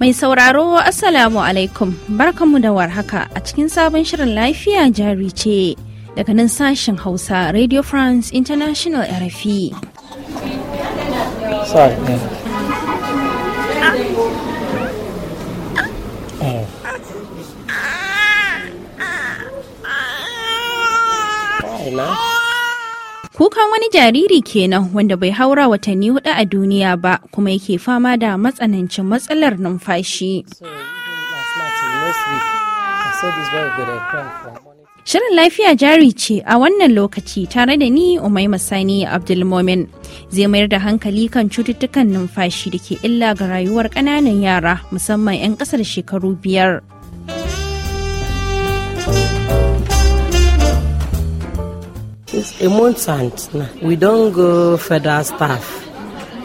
Mai sauraro Assalamu alaikum barkanmu da warhaka a cikin sabon shirin lafiya jari ce daga nan sashen Hausa Radio France International RFI. tsohon wani jariri kenan wanda bai haura watanni hudu a duniya ba kuma yake fama da matsanancin matsalar numfashi. Shirin lafiya jari ce a wannan lokaci tare da ni Umaima Sani Abdulmomin zai mayar da hankali kan cututtukan numfashi da ke illa ga rayuwar ƙananan yara musamman 'yan ƙasar shekaru biyar. a month and we don't go further staff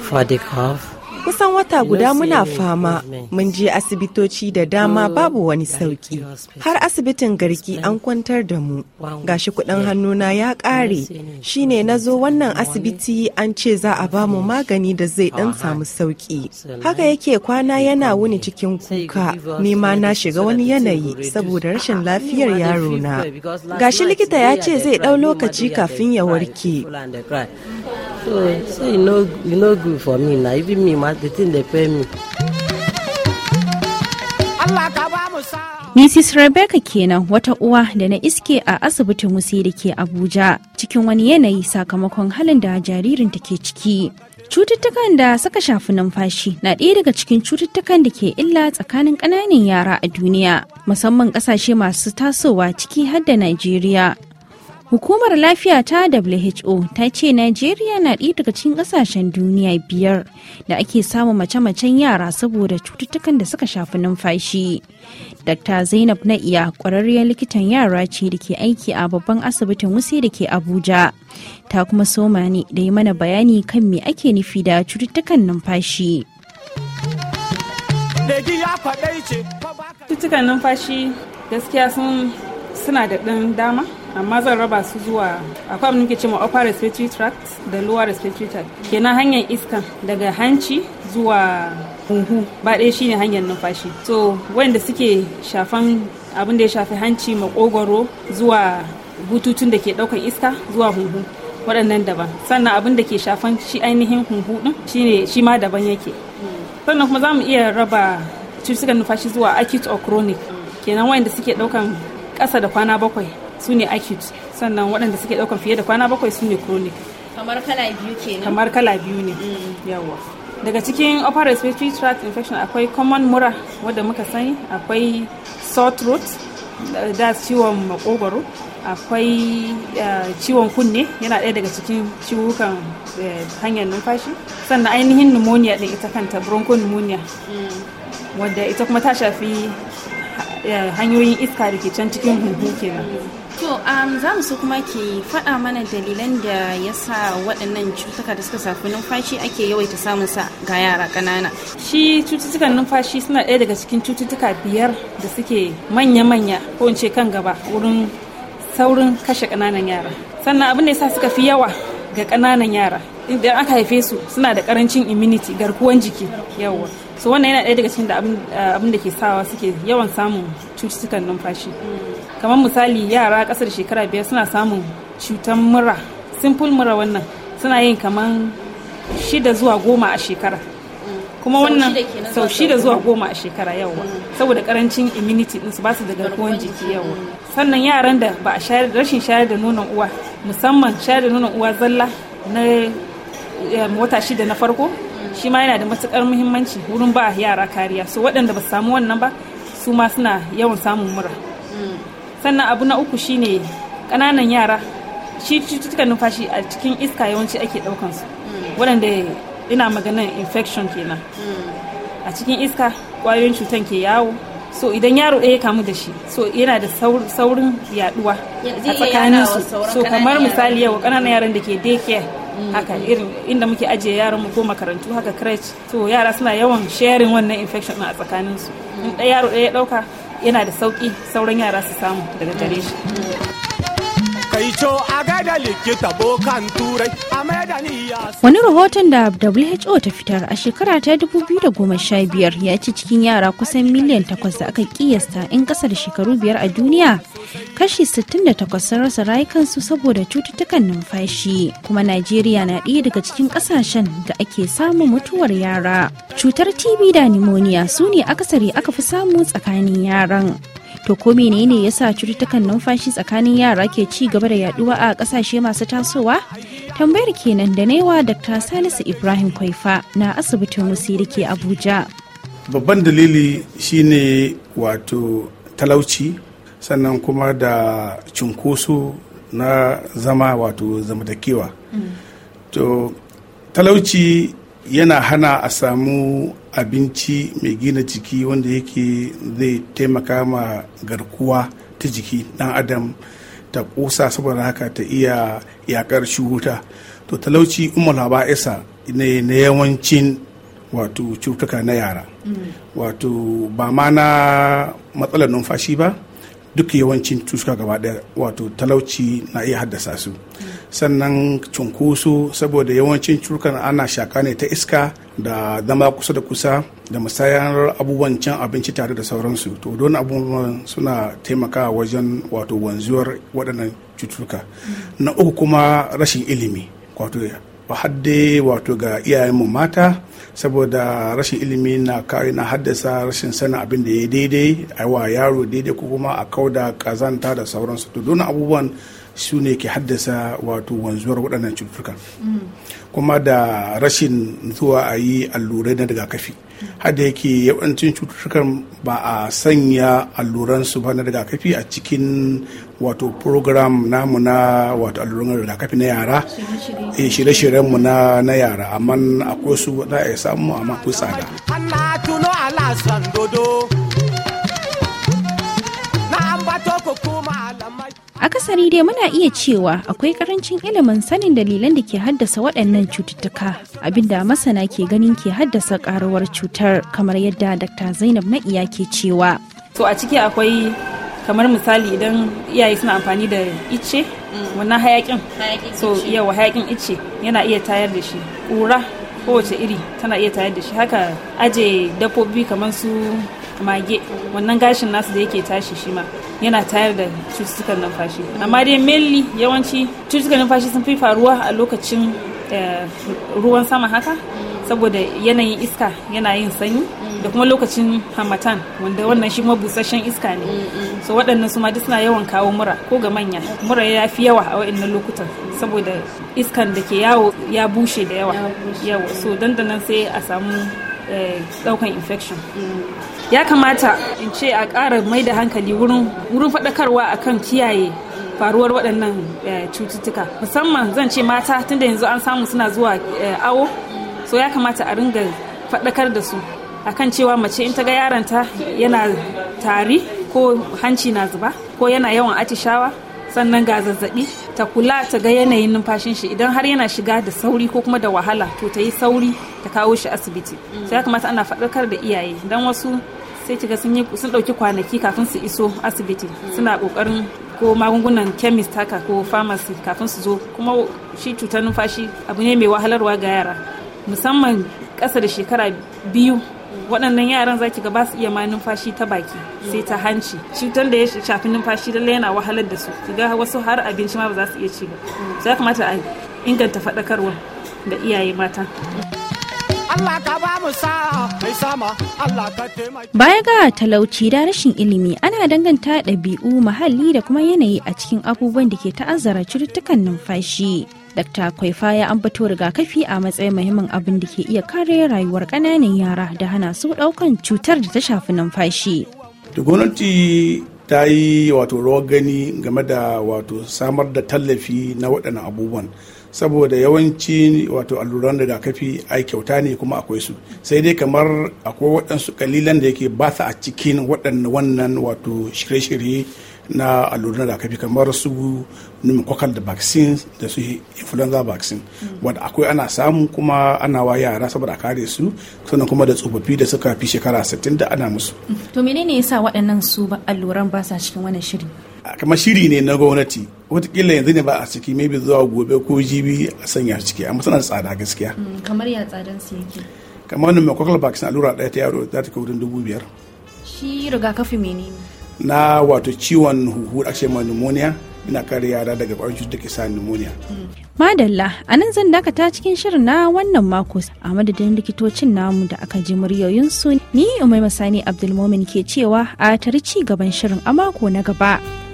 for the curve. Kusan wata guda muna fama, mun je asibitoci da dama oh, babu wani sauki. Har asibitin garki an kwantar da mu, gashi kudin hannuna ya ƙare, shine na zo wannan asibiti an ce za a ba mu magani da zai ɗan samu sauki. Haka yake kwana yana wuni cikin kuka, nima na shiga wani yanayi saboda ah, rashin lafiyar yarona. Gashi likita ya ce zai ɗau lokaci kafin ya warke. so so e no e no good for me na even me ma the thing dey pain me. Mrs. Rebecca kenan wata uwa da na iske a asibitin wuse da ke Abuja cikin wani yanayi sakamakon halin da jaririnta ke ciki. Cututtukan da suka shafi numfashi na ɗaya daga cikin cututtukan da ke illa tsakanin ƙananan yara a duniya, musamman ƙasashe masu tasowa ciki har da Najeriya. Hukumar lafiya ta WHO ta ce Najeriya na ɗaya daga cikin ƙasashen duniya biyar da ake samun mace-macen yara saboda cututtukan da suka shafi numfashi. Dr. Zainab Na'iya ƙwararriyar likitan yara ce da ke aiki a babban asibitin wuse da ke Abuja. Ta kuma soma ne da yi mana bayani kan me ake nufi da cututtukan numfashi. Cututtukan numfashi gaskiya sun suna da ɗan dama amma zan raba su zuwa akwai abin muke cewa upper respiratory tract da lower respiratory tract kenan hanyar iska daga hanci zuwa huhu ba ɗaya shine hanyar numfashi so wanda suke shafan abin da ya shafi hanci makogoro zuwa bututun da ke ɗaukar iska zuwa huhu waɗannan daban sannan abin da ke shafan shi ainihin huhu ɗin shine shi ma daban yake sannan kuma za mu iya raba cututtukan numfashi zuwa acute or chronic kenan wayanda suke ɗaukan ƙasa da kwana bakwai su ne acute sannan waɗanda suke ɗaukan fiye da kwana bakwai su ne chronic kamar kala biyu ke nan kamar kala biyu ne mm. yawa daga cikin upper respiratory tract infection akwai common mura wadda muka sani akwai sore throat da ciwon makogwaro akwai eh, ciwon kunne yana ɗaya daga cikin ciwukan eh, hanyar numfashi sannan ainihin pneumonia ɗin ita kanta bronchopneumonia mm. wadda ita kuma ta shafi eh, hanyoyin iska da ke can cikin huhu kenan mm. so um, za mu so kuma ke faɗa mana dalilan da ya sa waɗannan cututtuka da suka safi numfashi ake yawaita samun sa ga yara ƙanana. Shi cututtukan numfashi suna ɗaya daga cikin cututtuka biyar da suke manya-manya ko ce kan gaba wurin saurin kashe ƙananan yara. Sannan abin da ya sa suka fi yawa ga ƙananan yara. Idan aka haife su suna da ƙarancin immunity garkuwan jiki yawa. So wannan yana ɗaya daga cikin da eh, abin da ke sawa suke yawan samun cututtukan numfashi. kamar misali yara kasar shekara biyar suna samun cutar mura simple mura wannan suna yin kamar shida zuwa goma a shekara kuma wannan sau shida zuwa goma a shekara yawa mm. saboda karancin immunity ɗinsu ba su da garkuwan jiki yawa sannan yaran da ba a rashin shayar da nonon uwa musamman shayar da nonon uwa zalla na wata shida na farko mm. shi ma yana da matukar muhimmanci wurin ba yara kariya so waɗanda ba su samu wannan ba su ma suna yawan samun mura mm. sannan abu na uku shine kananan yara shi cututtukan numfashi a cikin iska yawanci ake ɗaukan su hmm. waɗanda ina maganin infection kenan hmm. a cikin iska kwayoyin cutan ke yawo so idan yaro ɗaya kamu da shi so yana da saurin yaduwa a tsakanin su so kamar misali yau kananan yaran da ke daycare hmm. haka irin inda muke ajiye yaran mu ko makarantu haka crèche to yara suna yawan sharing wannan infection a tsakanin su in yaro ɗaya ya ɗauka yana da sauki sauran yara su samu daga gare shi Wani rahoton da WHO ta fitar a shekara ta 2015 ya ce cikin yara kusan miliyan takwas da aka kiyasta in kasar shekaru biyar a duniya kashi 68 sun rasa rayukansu saboda cututtukan numfashi kuma Najeriya na ɗaya daga cikin ƙasashen da ake samun mutuwar yara. Cutar TB da pneumonia su ne akasari aka fi samu tsakanin yaran. To ko menene yasa cututtukan numfashi tsakanin yara ke ci gaba da yaduwa a kasashe masu tasowa? Tambayar kenan da naiwa Dr. Salisu Ibrahim Kwaifa na asibitin musiri ke Abuja. Babban dalili shine wato talauci sannan kuma da cunkoso na zama wato zamantakewa. Mm. To talauci yana hana a samu abinci mai gina jiki wanda yake zai taimaka ma garkuwa ta jiki dan adam ta kusa saboda haka ta iya yakar cuta to talauci umar isa ne na yawancin wato cutuka na yara mm. wato ba ma na matsalar numfashi ba duk yawancin cutuka gaba daya wato talauci na iya haddasa su sannan cunkoso saboda yawancin curkan ana shaka ne ta iska da zama kusa da kusa da musayar abubuwan can abinci tare da sauransu to don abubuwan suna taimakawa wajen wato wanzuwar waɗannan cututtuka na uku kuma rashin ilimi wato hadde wato ga iyayenmu mata saboda rashin ilimi na kawai na haddasa rashin sanin abin da ya daidai a wa yaro daidai ko kuma a kauda kazanta da sauransu to don abubuwan su ne ke haddasa wato wanzuwar waɗannan cututtuka kuma da rashin zuwa a yi allurai na rigakafi hadda yake yawancin cututtukan ba a sanya alluran su ba na rigakafi a cikin wato program namu na wato alluran rigakafi na yara eh, shirye-shiryen mu na yara amma akwai su da ya samu amma ku tsada akasari dai muna iya cewa akwai karancin ilimin sanin dalilan da ke haddasa waɗannan cututtuka abinda masana ke ganin ke haddasa karuwar cutar kamar yadda dr zainab na iya ke cewa to a ciki akwai kamar misali idan iyaye suna amfani da ice mm. wannan hayakin so yawa hayakin ice yana iya tayar da shi kura kowace iri tana iya tayar da shi haka aje dabbobi kamar su mage wannan gashin nasu da yake tashi shi ma yana tayar da cututtukan numfashi amma dai mainly yawanci cututtukan numfashi sun fi faruwa a lokacin eh, ruwan sama haka saboda yanayin iska yana yin sanyi da kuma lokacin hamatan wanda wannan shi busasshen iska ne so waɗannan su ma duk suna yawan kawo mura ko ga manya mura ya fi yawa a waɗannan lokutan saboda iskan da ke yawo ya bushe da yawa so dandanan sai a samu Eh, daukan infection ya kamata in ce a ƙara mai da hankali wurin faɗakarwa akan kiyaye faruwar waɗannan eh, cututtuka musamman zan ce mata tunda yanzu an samu suna zuwa eh, awo so ya kamata a ringa faɗakar da su akan cewa mace in ta ga yaronta yana tari ko hanci na zuba ko yana yawan atishawa sannan ga zazzabi ta kula ta ga yanayin numfashin shi idan har yana shiga da sauri ko kuma da wahala to ta yi sauri ta kawo shi asibiti mm. sai ya kamata ana faɗakar da iyaye idan wasu sai kiga sun sun ɗauki kwanaki kafin su iso asibiti mm. suna kokarin ko magungunan chemist haka ko pharmacy kafin su zo kuma shi cutar numfashi abu ne mai wahalarwa ga yara musamman kasa da shekara biyu waɗannan yaran zaki ga ba su iya ma numfashi ta baki sai ta hanci cutar da ya shafi numfashi lalle yana wahalar da su ga wasu har abinci ma ba za su iya ci ba ya kamata a inganta faɗakarwa da iyaye mata Baya ga talauci da rashin ilimi ana danganta ɗabi'u muhalli da kuma yanayi a cikin abubuwan da ke ta'azzara cututtukan numfashi. Dr. Kwaifa ya ambato rigakafi a matsayin muhimmin abin da ke iya kare rayuwar ƙananan yara da hana su ɗaukan cutar da ta shafi numfashi. Da gwamnati ta yi wato rawar gani game da wato samar da tallafi na waɗannan abubuwan. saboda yawanci wato alluran rigakafi ai kyauta ne kuma akwai su sai dai kamar akwai waɗansu kalilan da yake ba a cikin waɗannan wannan wato shirye-shirye na alluran rigakafi kamar su pneumococcal da vaccine da su influenza vaccine wadda akwai ana samu kuma ana wa yara saboda a kare su sannan kuma da tsofaffi da suka fi shekara 60 da ana musu to menene yasa waɗannan su alluran ba sa cikin wani shiri kamar shiri ne na gwamnati watakila yanzu ne ba a ciki maybe zuwa gobe ko jibi a sanya ciki amma suna tsada gaskiya mm, kamar ya tsadan su yake kamar pneumococcal vaccine allura ɗaya ta yaro za ta kai wurin dubu biyar shi rigakafi menene na wato ciwon huhu da ake pneumonia ina kare yara daga ƙwayoyin da ke sa pneumonia. Madalla, a nan zan dakata cikin shirin na wannan mako a madadin likitocin namu da aka ji muryoyin su ni Umai Masani Abdulmomin ke cewa a tari ci gaban shirin a mako na gaba.